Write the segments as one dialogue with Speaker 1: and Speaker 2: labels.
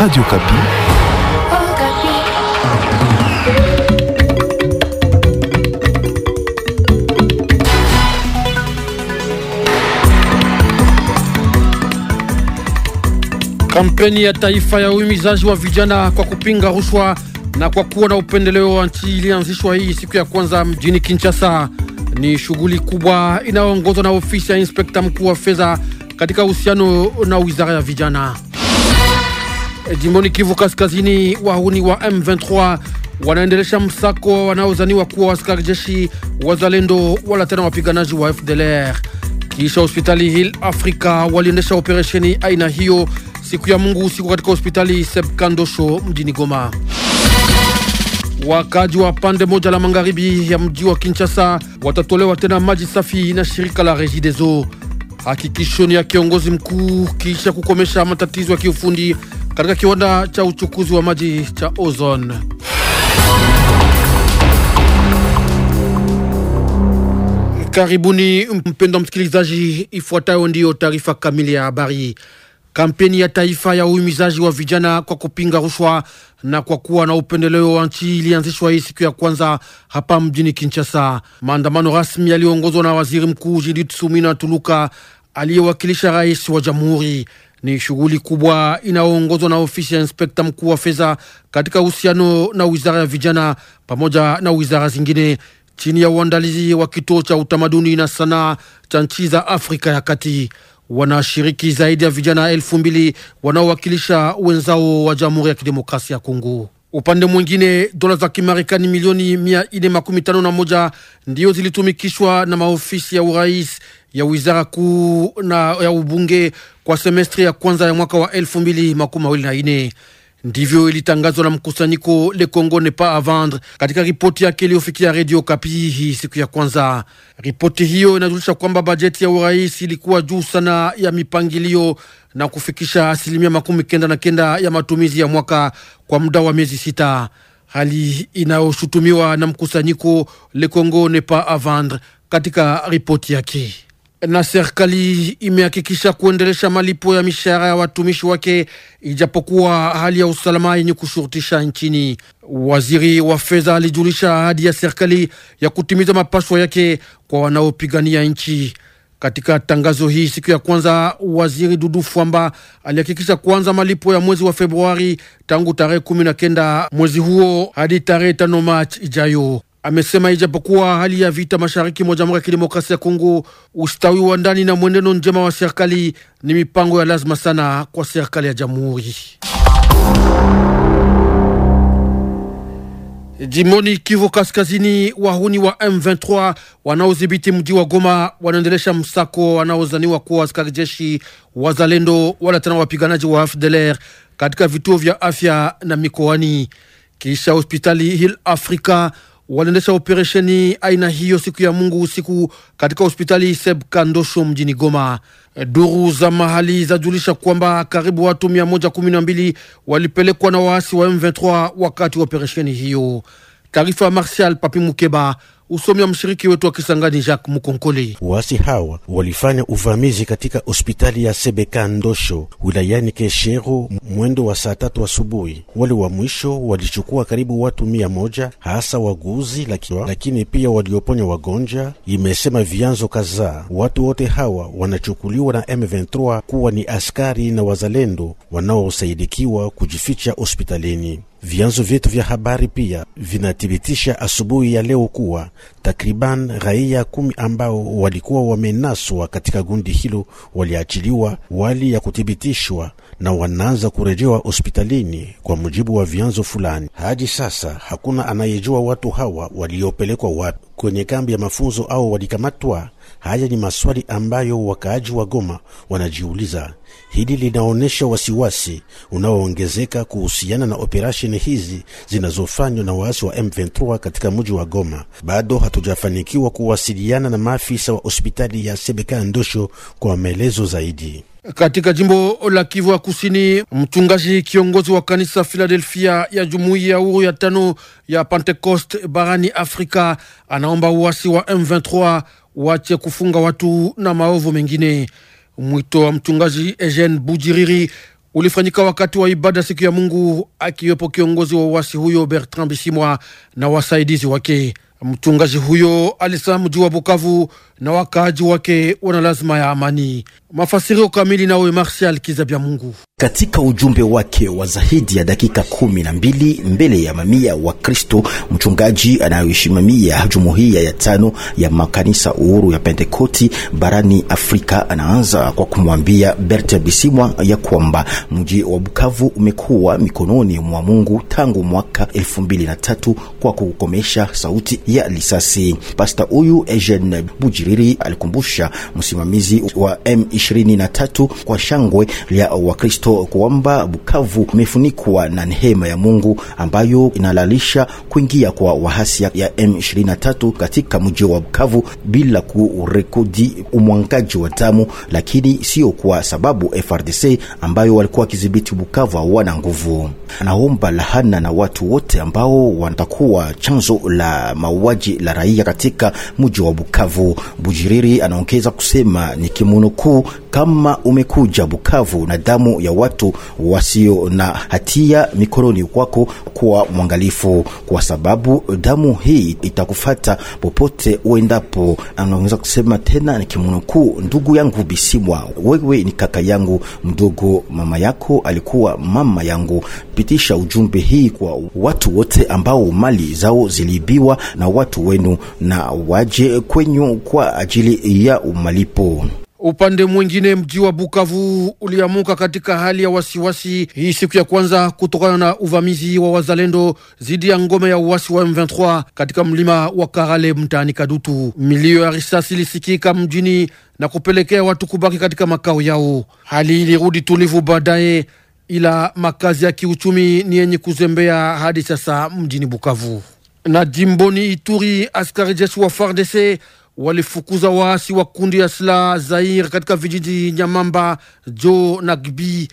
Speaker 1: Radio Kapi.
Speaker 2: Kampeni ya taifa ya uhimizaji wa vijana kwa kupinga rushwa na kwa kuwa na upendeleo wa nchi ilianzishwa hii siku ya kwanza mjini Kinshasa. Ni shughuli kubwa inayoongozwa na ofisi ya inspekta mkuu wa fedha katika uhusiano na wizara ya vijana. Eh, jimboni Kivu Kaskazini, wahuni wa M23 wanaendelesha msako wanaozaniwa kuwa askari jeshi wazalendo wala tena wapiganaji wa FDLR. Kisha hospitali Hill Africa waliendesha operesheni aina hiyo siku ya Mungu usiku katika hospitali Kandosho mjini Goma. Wakaji wa pande moja la magharibi ya mji wa Kinshasa watatolewa tena maji safi na shirika la Regideso. Hakikisho ni ya kiongozi mkuu kisha kukomesha matatizo ya kiufundi katika kiwanda cha uchukuzi wa maji cha Ozone. Karibuni mpendwa msikilizaji, ifuatayo ndiyo taarifa kamili ya habari. Kampeni ya taifa ya uhimizaji wa vijana kwa kupinga rushwa na kwa kuwa na upendeleo wa nchi ilianzishwa hii siku ya kwanza hapa mjini Kinshasa. Maandamano rasmi yaliyoongozwa na waziri mkuu Judith Suminwa Tuluka aliyewakilisha rais wa jamhuri ni shughuli kubwa inayoongozwa na ofisi ya inspekta mkuu wa fedha katika uhusiano na wizara ya vijana pamoja na wizara zingine chini ya uandalizi wa kituo cha utamaduni na sanaa cha nchi za Afrika ya Kati. Wanashiriki zaidi ya vijana elfu mbili wanaowakilisha wenzao wa Jamhuri ya Kidemokrasia ya Kongo. Upande mwingine, dola za Kimarekani milioni mia nne makumi tano na moja ndiyo zilitumikishwa na maofisi ya urais ya wizara kuu na ya ubunge kwa semestri ya kwanza ya mwaka wa elfu mbili makumi mawili na ine. Ndivyo ilitangazwa na mkusanyiko Le Congo ne pas a vendre katika ripoti yake iliyofikia redio Kapi hii siku ya kwanza. Ripoti hiyo inajulisha kwamba bajeti ya urais ilikuwa juu sana ya mipangilio na kufikisha asilimia makumi kenda na kenda ya matumizi ya mwaka kwa muda wa miezi sita, hali inayoshutumiwa na mkusanyiko Le Congo ne pas a vendre katika ripoti yake na serikali imehakikisha kuendelesha malipo ya mishahara ya watumishi wake ijapokuwa hali ya usalama yenye kushurutisha nchini. Waziri wa fedha alijulisha ahadi ya serikali ya kutimiza mapashwa yake kwa wanaopigania nchi. Katika tangazo hii siku ya kwanza, waziri Dudu Fwamba alihakikisha kuanza malipo ya mwezi wa Februari tangu tarehe kumi na kenda mwezi huo hadi tarehe tano Machi ijayo amesema ijapokuwa hali ya vita mashariki mwa Jamhuri ya Kidemokrasia ya Kongo, ustawi wa ndani na mwenendo njema wa serikali ni mipango ya lazima sana kwa serikali ya jamhuri. Jimoni Kivu Kaskazini, wahuni wa M23 wanaodhibiti mji wa Goma wanaendelesha msako wanaozaniwa kuwa askari jeshi wazalendo wala tena wapiganaji wa FDLR katika vituo vya afya na mikoani, kisha hospitali Hill Africa waliendesha operesheni aina hiyo siku ya Mungu usiku katika hospitali Seb Kandosho mjini Goma. Duru za mahali zajulisha kwamba karibu watu 112 walipelekwa na waasi wa M23 wakati wa operesheni hiyo. Taarifa ya Martial Papi Mukeba Usomi wa mshiriki wetu wa Kisangani Jacques Mukonkoli.
Speaker 3: Wasi hawa walifanya uvamizi katika hospitali ya Sebeka Ndosho wilayani Keshero mwendo wa saa tatu asubuhi. Wa wale wa mwisho walichukua karibu watu mia moja hasa waguzi laki, lakini pia walioponya wagonja, imesema vyanzo kadhaa. Watu wote hawa wanachukuliwa na M23 kuwa ni askari na wazalendo wanaosaidikiwa kujificha hospitalini. Vyanzo vyetu vya habari pia vinathibitisha asubuhi ya leo kuwa takriban raia kumi ambao walikuwa wamenaswa katika gundi hilo waliachiliwa wali ya kuthibitishwa na wanaanza kurejewa hospitalini kwa mujibu wa vyanzo fulani. Hadi sasa hakuna anayejua watu hawa waliopelekwa wapi kwenye kambi ya mafunzo au walikamatwa Haya ni maswali ambayo wakaaji wa Goma wanajiuliza. Hili linaonyesha wasiwasi unaoongezeka kuhusiana na operesheni hizi zinazofanywa na waasi wa M23 katika mji wa Goma. Bado hatujafanikiwa kuwasiliana na maafisa wa hospitali ya Sebeka Ndosho kwa maelezo zaidi.
Speaker 2: Katika jimbo la Kivu ya Kusini, mchungaji kiongozi wa kanisa filadelfia ya jumuiya ya huru ya tano ya Pentecost barani Afrika anaomba uasi wa M23 wache kufunga watu na maovu mengine. Mwito wa mchungaji Eugene Bujiriri ulifanyika wakati wa ibada siku ya Mungu, akiwepo kiongozi wa uasi huyo Bertrand Bisimwa na wasaidizi wake. Mchungaji huyo alisema mji wa Bukavu na wakaaji wake wana lazima ya amani. Mafasirio kamili nawe Marshal Kizabya Mungu. Katika
Speaker 4: ujumbe wake wa zaidi ya dakika kumi na mbili mbele ya mamia wa Kristo, mchungaji anayoshimamia jumuiya ya tano ya makanisa uhuru ya Pentekoti barani Afrika anaanza kwa kumwambia Berte Bisimwa ya kwamba mji wa Bukavu umekuwa mikononi mwa Mungu tangu mwaka elfu mbili na tatu kwa kukomesha sauti ya lisasi. Pasta huyu Eugene Buji Mhiriri alikumbusha msimamizi wa M23 kwa shangwe lya Wakristo kwamba Bukavu imefunikwa na neema ya Mungu ambayo inalalisha kuingia kwa wahasi ya M23 katika mji wa Bukavu bila kurekodi umwangaji wa damu, lakini sio kwa sababu FRDC ambayo walikuwa wakidhibiti Bukavu hawana nguvu. Anaomba lahana na watu wote ambao watakuwa chanzo la mauaji la raia katika mji wa Bukavu. Bujiriri anaongeza kusema ni kimunukuu, kama umekuja Bukavu na damu ya watu wasio na hatia mikononi kwako, kuwa mwangalifu, kwa sababu damu hii itakufata popote uendapo. Anaongeza kusema tena ni kimunukuu, ndugu yangu Bisimwa, wewe ni kaka yangu mdogo, mama yako alikuwa mama yangu. Pitisha ujumbe hii kwa watu wote ambao mali zao ziliibiwa na watu wenu na waje kwenyu kwa ajili ya umalipo.
Speaker 2: Upande mwingine mji wa Bukavu uliamuka katika hali ya wasiwasi hii siku ya kwanza kutokana na uvamizi wa wazalendo dhidi ya ngome ya uasi wa M23 katika mlima wa Karale mtaani Kadutu. Milio ya risasi ilisikika mjini na kupelekea watu kubaki katika makao yao. Hali ilirudi tulivu baadaye, ila makazi ya kiuchumi ni yenye kuzembea hadi sasa mjini Bukavu na jimboni Ituri. Askari jeshi wa FARDC walifukuza waasi wa kundi ya silaha Zair katika vijiji Nyamamba, Jo na Gbi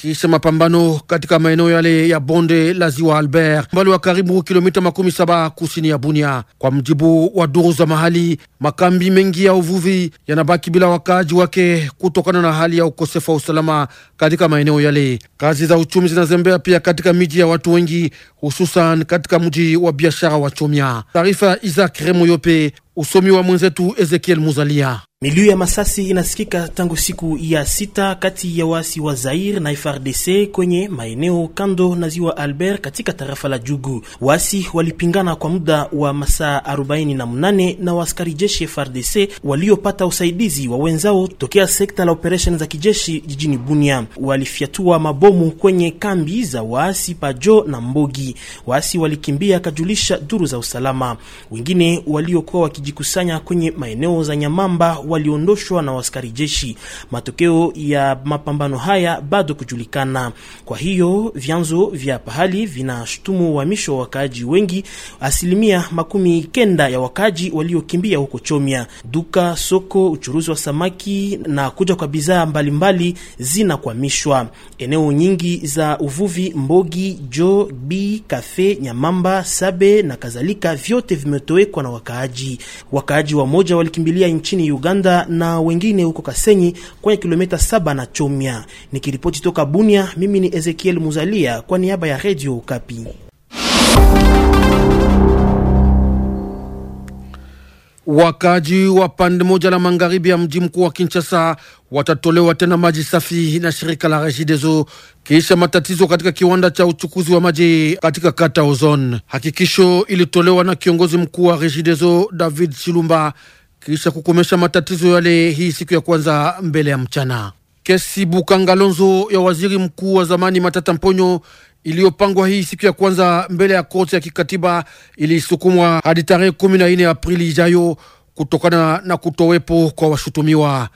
Speaker 2: kisha mapambano katika maeneo yale ya bonde la ziwa Albert, mbali wa karibu kilomita makumi saba kusini ya Bunia. Kwa mjibu wa duru za mahali, makambi mengi ya uvuvi yanabaki bila wakaaji wake kutokana na hali ya ukosefu wa usalama katika maeneo yale. Kazi za uchumi zinazembea pia katika miji ya watu wengi, hususan katika mji wa biashara wa Chomia. Taarifa Isaac Remo Yope, usomi wa mwenzetu Ezekiel Muzalia. Milio
Speaker 5: ya masasi inasikika tangu siku ya sita kati ya waasi wa Zair na frdc kwenye maeneo kando na ziwa Albert katika tarafa la Jugu. Waasi walipingana kwa muda wa masaa 48 na waaskari jeshi FRDC waliopata usaidizi wa wenzao tokea sekta la operesheni za kijeshi jijini Bunia. Walifyatua mabomu kwenye kambi za waasi Pajo na Mbogi. Waasi walikimbia, kajulisha duru za usalama. Wengine waliokuwa wakijikusanya kwenye maeneo za Nyamamba waliondoshwa na waskari jeshi. Matokeo ya mapambano haya bado kujulikana. Kwa hiyo vyanzo vya pahali vinashutumu uhamisho wa wakaaji wengi, asilimia makumi kenda ya wakaaji waliokimbia huko Chomia. Duka, soko, uchuruzi wa samaki na kuja kwa bidhaa mbalimbali zinakwamishwa. Eneo nyingi za uvuvi, mbogi, jo b kafe, nyamamba, sabe na kadhalika, vyote vimetowekwa na wakaaji. Wakaaji wamoja walikimbilia nchini Uganda Luanda na wengine huko Kasenyi kwenye kilomita saba na Chomya. Nikiripoti toka Bunia, mimi ni Ezekiel Muzalia kwa niaba ya Radio Kapi.
Speaker 2: Wakaji wa pande moja la magharibi ya mji mkuu wa Kinshasa watatolewa tena maji safi na shirika la Regideso kisha matatizo katika kiwanda cha uchukuzi wa maji katika kata Ozone. Hakikisho ilitolewa na kiongozi mkuu wa Regideso David Shilumba kisha kukomesha matatizo yale hii siku ya kwanza mbele ya mchana. Kesi Bukangalonzo ya waziri mkuu wa zamani Matata Mponyo iliyopangwa hii siku ya kwanza mbele ya koti ya kikatiba ilisukumwa hadi tarehe nne Aprili ijayo kutokana na kutowepo kwa washutumiwa.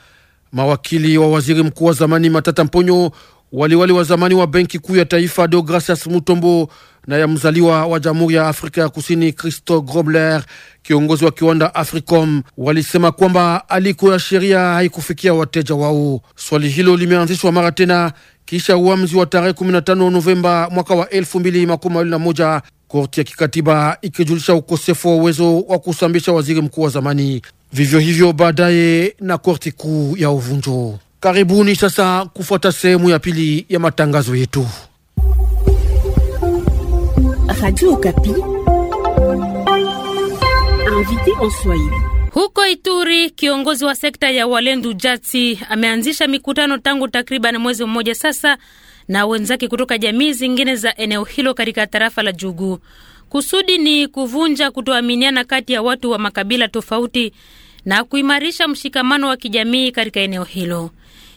Speaker 2: Mawakili wa waziri mkuu wa zamani Matata Mponyo, waliwali wa zamani wa benki kuu ya taifa Deogracias Mutombo na ya mzaliwa wa Jamhuri ya Afrika ya Kusini Christo Grobler, kiongozi wa kiwanda Africom, walisema kwamba aliko ya sheria haikufikia wateja wao. Swali hilo limeanzishwa mara tena kisha uamuzi wa tarehe 15 Novemba mwaka wa 2021 korti ya kikatiba ikijulisha ukosefu wa uwezo wa kusambisha waziri mkuu wa zamani, vivyo hivyo baadaye na korti kuu ya uvunjo. Karibuni sasa kufuata sehemu ya pili ya matangazo yetu. Radio Okapi.
Speaker 6: Invité en Swahili.
Speaker 7: Huko Ituri, kiongozi wa sekta ya Walendu Jatsi ameanzisha mikutano tangu takriban mwezi mmoja sasa na wenzake kutoka jamii zingine za eneo hilo katika tarafa la Jugu. Kusudi ni kuvunja kutoaminiana kati ya watu wa makabila tofauti na kuimarisha mshikamano wa kijamii katika eneo hilo.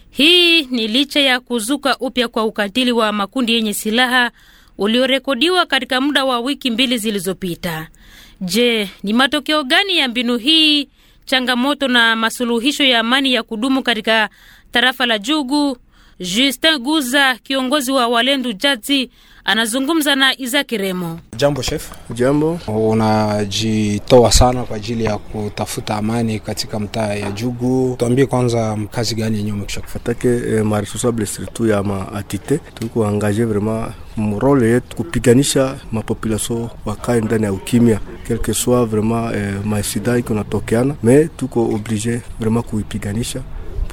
Speaker 7: Hii ni licha ya kuzuka upya kwa ukatili wa makundi yenye silaha uliorekodiwa katika muda wa wiki mbili zilizopita. Je, ni matokeo gani ya mbinu hii, changamoto na masuluhisho ya amani ya kudumu katika tarafa la Jugu? Justin Guza, kiongozi wa Walendu Jati, anazungumza na Izaki Remo.
Speaker 8: Jambo chef. Jambo. Unajitoa sana kwa ajili ya kutafuta amani katika mtaa ya Jugu. Tuambie kwanza mkazi gani yenyewe umekisha kufatake eh, maresponsable surtout ya maatite tuko
Speaker 1: angaje vraiment mrole yetu kupiganisha mapopulasio wakae ndani ya ukimya quelque soit vraiment eh, maisida iko natokeana me tuko oblige vraiment kuipiganisha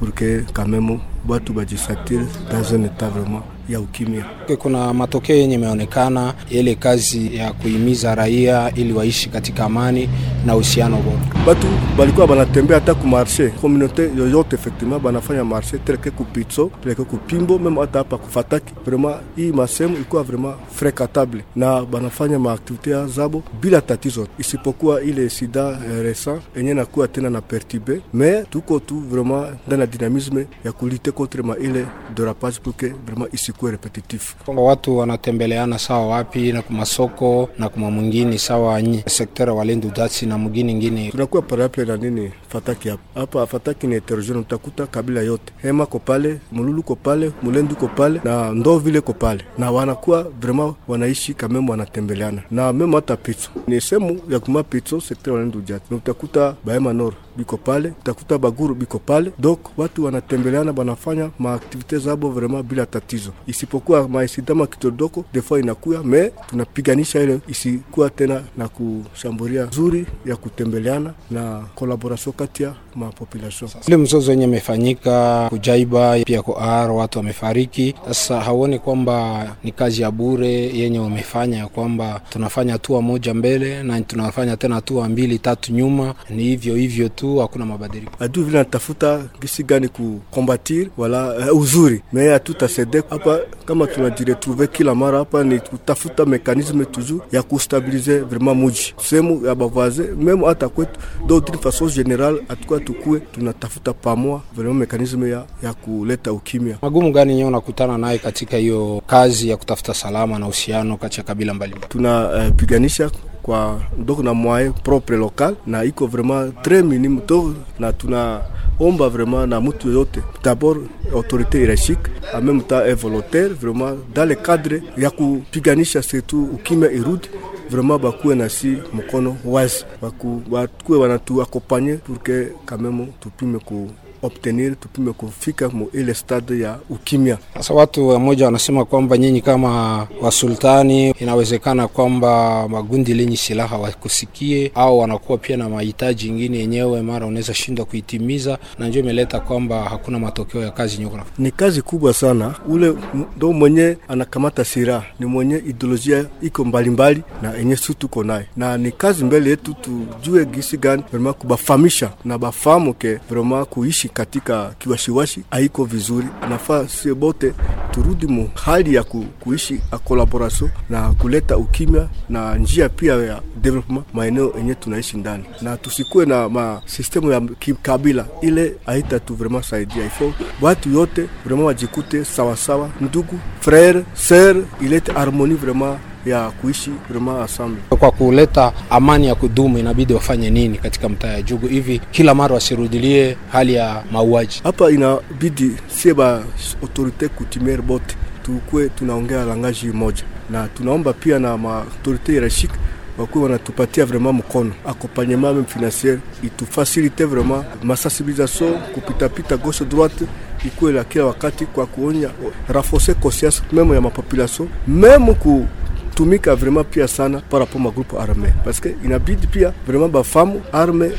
Speaker 1: pour que quand même Batu tout Fatil dans un état vraiment ya ukimya.
Speaker 8: Kuna matokeo yenye imeonekana, ile kazi ya kuhimiza raia ili waishi katika amani na uhusiano bora. Batu balikuwa banatembea hata ku marshe komunote
Speaker 1: yoyote, effectivement banafanya marshe teleke kupitso teleke kupimbo meme hata hapa kufataki. Vraiment hii masemu ilikuwa vraiment frekatable na banafanya maaktivite zabo bila tatizo, isipokuwa ile sida eh, resa enye nakuwa tena na pertibe me tuko tu
Speaker 8: vraiment ndani ya dynamisme ya kulite contre ma ile dorapage pour que vraiment isiku isikuwe repetitif, kwamba watu wanatembeleana sawa wapi na kumasoko na kuma mwingine sawa nye sektere walendu dasi na mwingine ngine. tunakuwa paraple na nini fataki hapa
Speaker 1: hapa. Fataki ni heterogene, utakuta kabila yote, hema ko pale, mululu ko pale, mulendu ko pale na ndo vile ko pale, na wanakuwa vraiment wanaishi kameme, wanatembeleana na meme. Hata pizza. ni semu ya kuma pitso sektere walendu dasi, na utakuta bahema nor biko pale, utakuta baguru biko pale, donc watu wanatembeleana, banafanya maaktivite zabo vraiment bila tatizo isipokuwa maisidama kitodoko defo inakuya me tunapiganisha ile isikuwa tena na kushambulia zuri ya kutembeleana na kolaborasio kati ya ma population. Ile mzozo
Speaker 8: wenye imefanyika kujaiba pia ko ar watu wamefariki. Sasa hauoni kwamba ni kazi ya bure yenye wamefanya, ya kwamba tunafanya hatua moja mbele na tunafanya tena hatua mbili tatu nyuma, ni hivyo hivyo tu, hakuna mabadiliko. Adui vile natafuta gisi gani kukombatir wala uh, uzuri me hatutasede hapa, kama
Speaker 1: tunajiretrouve kila mara hapa ni kutafuta mekanisme toujours ya kustabilize vraiment muji sehemu ya bavaze meme hata kwetu d'autre façon générale atukua ambayo tukue tunatafuta pamoja
Speaker 8: vile mekanisme ya, ya kuleta ukimya. Magumu gani nyewe unakutana naye katika hiyo kazi ya kutafuta salama na uhusiano kati ya kabila mbalimbali? Tunapiganisha eh, uh, kwa ndoko na moye propre local na iko vraiment tres minime to na tunaomba
Speaker 1: vraiment na mutu yote d'abord autorité hiérarchique en même temps involontaire volontaire vraiment dans le cadre ya kupiganisha surtout ukimya irudi vraiment bakuwe na si mkono wazi, bakuwe wanatu akompanye pour que quand même tupime ku obtenir tupime kufika ile stade ya
Speaker 8: ukimya. Sasa watu wamoja wanasema kwamba nyinyi kama wasultani, inawezekana kwamba magundi lenye silaha wakusikie, au wanakuwa pia na mahitaji ingine yenyewe, mara unaweza shindwa kuitimiza, na ndio imeleta kwamba hakuna matokeo ya kazi nyoko. Ni kazi kubwa sana, ule ndo mwenye
Speaker 1: anakamata silaha ni mwenye ideolojia iko mbalimbali mbali, na enye su tuko naye, na ni kazi mbele yetu tujue gisi gani vrema kubafamisha na bafamu ke vrema kuishi katika kiwashiwashi haiko vizuri, anafaa sie bote turudi mu hali ya ku, kuishi a kolaboration na kuleta ukimya na njia pia ya development maeneo yenye tunaishi ndani, na tusikuwe na masistemu ya kikabila, ile haitatu vraiment saidia. Ifo watu yote vraiment wajikute sawasawa, ndugu frere
Speaker 8: ser, ilete harmoni vraiment ya kuishi vraiment ensemble. Kwa kuleta amani ya kudumu, inabidi wafanye nini katika mtaa ya Jugu hivi kila mara wasirudilie hali ya mauaji hapa? Inabidi sie ba autorite kutimere bote tukue tunaongea
Speaker 1: langaji moja, na tunaomba pia na maautorite hierarchique wakuwe wanatupatia vraiment mkono accompagnement même financier itufasilite vraiment masensibilisation kupitapita gauche droite ikuwe la kila wakati kwa kuonya renforcer conscience meme ya mapopulation meme ku kutumika vraiment pia sana par para po magrupu arme, que inabidi pia vraiment bafamu arme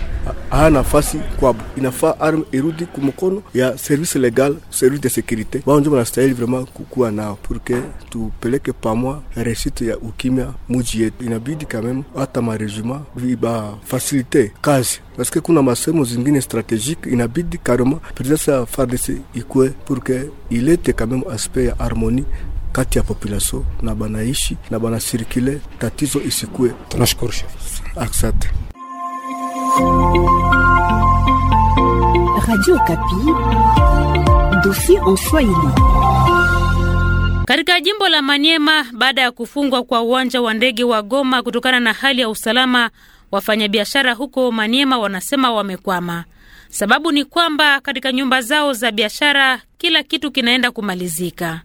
Speaker 1: haya nafasi kwabo, inafaa arme irudi kumkono ya service legal, service de sécurité wao ndio wanastahili vraiment kukua nao purke tupeleke pamwa resite ya ukimya muji yetu. Inabidi kameme hata marejima viba fasilite kazi paske kuna masemo zingine strategique inabidi karema presence ya FARDC ikue purke ilete kameme aspect ya harmonie kati ya populaso na banaishi na banasirikile, tatizo isikue.
Speaker 8: Tunashukuru chef.
Speaker 6: Asante. Radio Kapi, dosi en Swahili.
Speaker 7: Katika jimbo la Maniema, baada ya kufungwa kwa uwanja wa ndege wa Goma kutokana na hali ya usalama, wafanyabiashara huko Maniema wanasema wamekwama. Sababu ni kwamba katika nyumba zao za biashara kila kitu kinaenda kumalizika.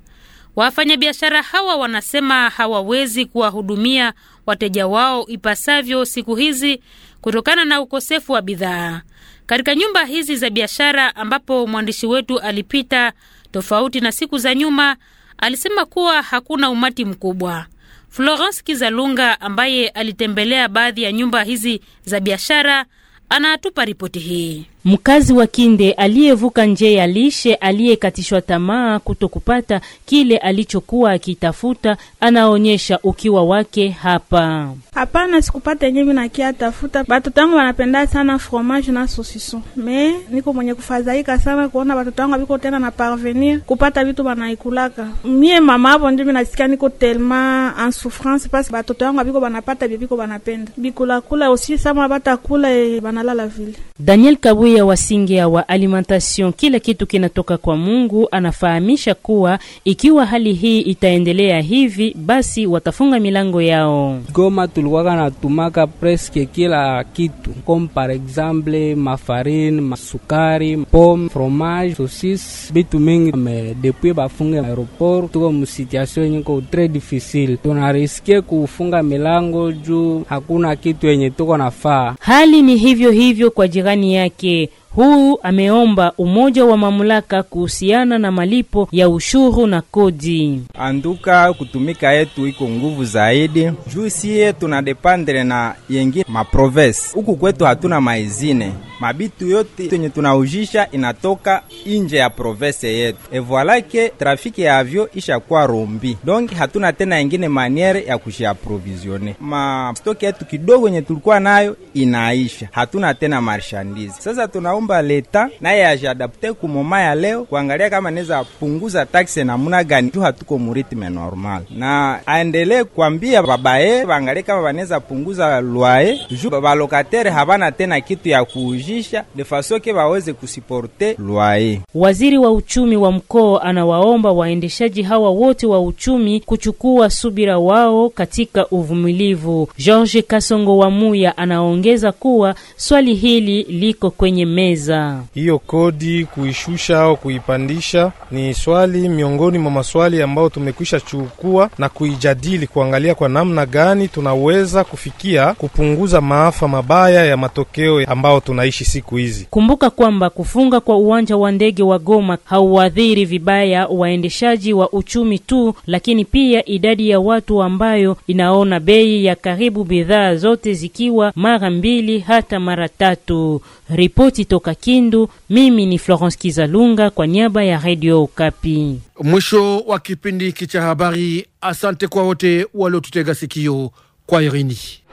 Speaker 7: Wafanyabiashara hawa wanasema hawawezi kuwahudumia wateja wao ipasavyo siku hizi kutokana na ukosefu wa bidhaa katika nyumba hizi za biashara ambapo mwandishi wetu alipita. Tofauti na siku za nyuma, alisema kuwa hakuna umati mkubwa. Florence Kizalunga ambaye alitembelea baadhi ya nyumba hizi za biashara anatupa ripoti hii.
Speaker 6: Mkazi wa Kinde aliyevuka nje ya lishe aliyekatishwa tamaa kutokupata kile alichokuwa akitafuta anaonyesha ukiwa wake hapa. Hapana, sikupata yenyewe nakia tafuta. Watoto wangu wanapenda sana fromage na saucisson. Me niko mwenye kufadhaika sana kuona watoto wangu biko tena na parvenir kupata vitu wanaikulaka. Mie mama hapo ndio mimi nasikia niko tellement en souffrance parce que watoto wangu biko banapata biko banapenda. Bikula kula aussi sama batakula e, eh, banalala vile. Daniel Kabuye pia wasingia wa alimentation, kila kitu kinatoka kwa Mungu. Anafahamisha kuwa ikiwa hali hii itaendelea hivi, basi watafunga milango yao. Goma tulikuwa natumaka preske kila kitu comme par exemple mafarine, masukari, pomme, fromage, sosis, bitu mingi me depuis bafunge aeroport, tuko musituation yenyeko très difficile, tunariske kufunga milango juu hakuna kitu yenye tuko nafaa. Hali ni hivyo hivyo kwa jirani yake say Huyu ameomba
Speaker 4: umoja wa mamlaka kuhusiana na malipo ya ushuru na kodi. Anduka kutumika yetu iko nguvu zaidi juu siye tunadepandre na yengi maproves. Huku kwetu hatuna maizine, mabitu yote yenye tunaujisha inatoka inje ya provese yetu. Evoilake trafiki ya avyo ishakuwa rombi, donc hatuna tena yengine maniere ya kushiaprovizione. Ma yetu kidogo yenye tulikuwa nayo inaisha, hatuna tena marshandise. Sasa tunaomba naomba leta naye ajadapte ku moma ya leo kuangalia kama naweza punguza taksi namuna gani, tu hatuko muritme normal, na aendelee kuambia babaye waangalie kama wanaweza punguza lwaye juu balokatere habana tena kitu ya kuujisha defasoke waweze kusiporte lwaye.
Speaker 6: Waziri wa uchumi wa mkoa anawaomba waendeshaji hawa wote wa uchumi kuchukua subira wao katika uvumilivu. George Kasongo wa Muya anaongeza kuwa swali hili liko kwenye meza kutekeleza hiyo kodi.
Speaker 8: Kuishusha au kuipandisha ni swali miongoni mwa maswali ambayo tumekwisha chukua na kuijadili, kuangalia kwa namna gani tunaweza kufikia kupunguza maafa mabaya ya matokeo ambayo tunaishi siku hizi.
Speaker 6: Kumbuka kwamba kufunga kwa uwanja wa ndege wa Goma hauadhiri vibaya waendeshaji wa uchumi tu, lakini pia idadi ya watu ambayo inaona bei ya karibu bidhaa zote zikiwa mara mbili hata mara tatu. Ripoti toka kutoka Kindu. Mimi ni Florence Kizalunga kwa niaba ya Radio Okapi.
Speaker 2: Mwisho wa kipindi hiki cha habari. Asante kwa wote waliotutega sikio. Kwa Irini.